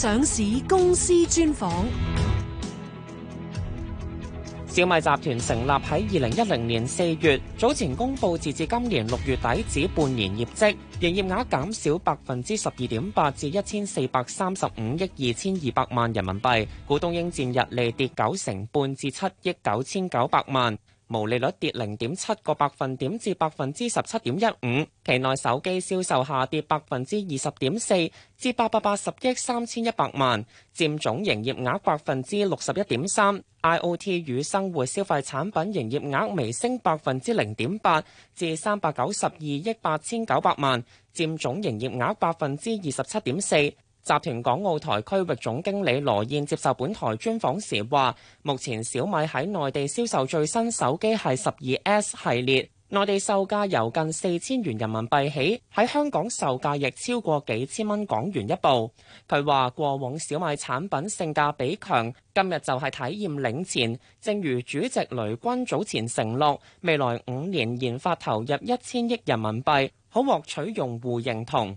上市公司專訪。小米集團成立喺二零一零年四月，早前公布截至今年六月底止半年業績，營業額減少百分之十二點八至一千四百三十五億二千二百萬人民幣，股東應佔溢利跌九成半至七億九千九百萬。毛利率跌零點七個百分點至百分之十七點一五，期內手機銷售下跌百分之二十點四至八百八十億三千一百萬，佔總營業額百分之六十一點三。IOT 與生活消費產品營業額微升百分之零點八至三百九十二億八千九百萬，佔總營業額百分之二十七點四。集團港澳台區域總經理羅燕接受本台專訪時話：目前小米喺內地銷售最新手機係 12S 系列，內地售價由近四千元人民幣起，喺香港售價亦超過幾千蚊港元一部。佢話過往小米產品性價比強，今日就係體驗領前。正如主席雷軍早前承諾，未來五年研發投入一千億人民幣，可獲取用戶認同。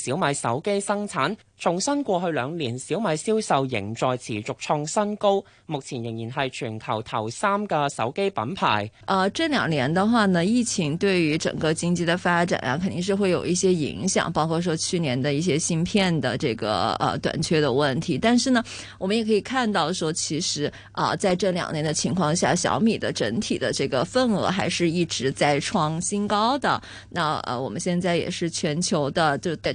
小米手機生產重新過去兩年，小米銷售仍在持續創新高，目前仍然係全球頭三個手機品牌。呃，這兩年的話呢，疫情對於整個經濟的發展啊，肯定是會有一些影響，包括說去年的一些芯片的這個呃短缺的問題。但是呢，我們也可以看到，說，其實啊，呃，在這兩年的情況下，小米的整體的這個份額還是一直在創新高的。那呃，我們現在也是全球的就，對。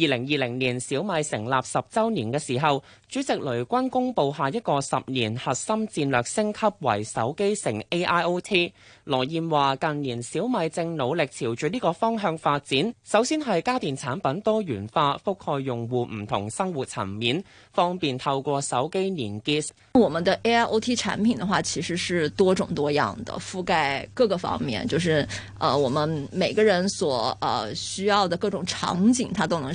二零二零年小米成立十周年嘅時候，主席雷軍公布下一個十年核心戰略升級為手機成 AIoT。羅燕話近年小米正努力朝住呢個方向發展，首先係家電產品多元化，覆蓋用戶唔同生活層面，方便透過手機連接。我們的 AIoT 產品的話，其實是多種多樣的，覆蓋各個方面，就是呃我們每個人所呃需要的各種場景，它都能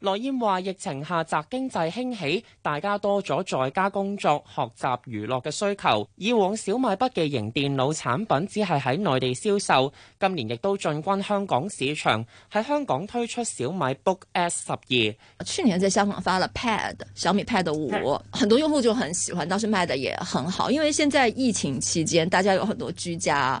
羅燕話：疫情下，宅經濟興起，大家多咗在家工作、學習、娛樂嘅需求。以往小米筆記型電腦產品只係喺內地銷售，今年亦都進軍香港市場，喺香港推出小米 Book S 十二。去年在香港發了 Pad，小米 Pad 五，很多用戶就很喜歡，當時賣得也很好。因為現在疫情期間，大家有很多居家。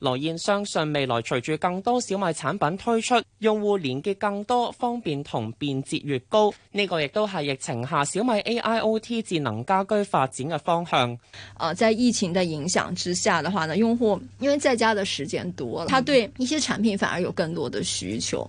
羅燕相信未來隨住更多小米產品推出，用戶連結更多、方便同便捷越高，呢個亦都係疫情下小米 AIoT 智能家居發展嘅方向。啊，在疫情嘅影響之下的話呢，用戶因為在家嘅時間多了，他對一些產品反而有更多的需求。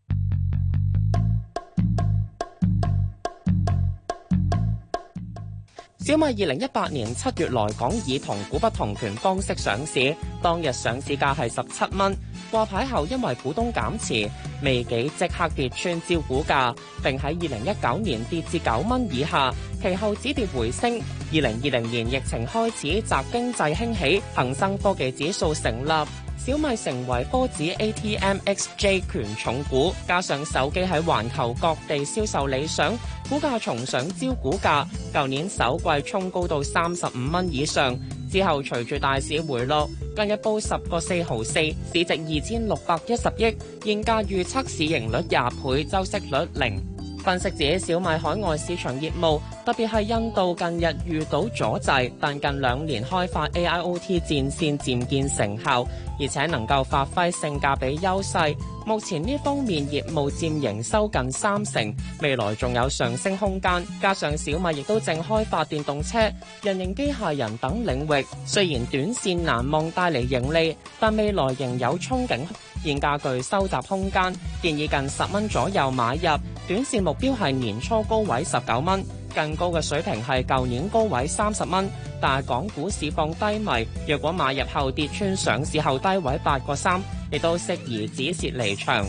小米二零一八年七月來港以同股不同權方式上市，當日上市價係十七蚊。掛牌後因為股東減持，未幾即刻跌穿招股價，並喺二零一九年跌至九蚊以下。其後止跌回升，二零二零年疫情開始及經濟興起，恒生科技指數成立。小米成為波子 ATMXJ 權重股，加上手機喺環球各地銷售理想，股價重上招股價，舊年首季衝高到三十五蚊以上，之後隨住大市回落，近日報十個四毫四，市值二千六百一十億，現價預測市盈率廿倍，周息率零。分析自己小米海外市場業務，特別係印度近日遇到阻滯，但近兩年開發 A I O T 戰線漸見成效，而且能夠發揮性價比優勢。目前呢方面業務佔營收近三成，未來仲有上升空間。加上小米亦都正開發電動車、人形機械人等領域，雖然短線難望帶嚟盈利，但未來仍有憧憬，現價具收集空間，建議近十蚊左右買入。短線目標係年初高位十九蚊，更高嘅水平係舊年高位三十蚊。但係港股市況低迷，若果買入後跌穿上市後低位八個三，亦都適宜止蝕離場。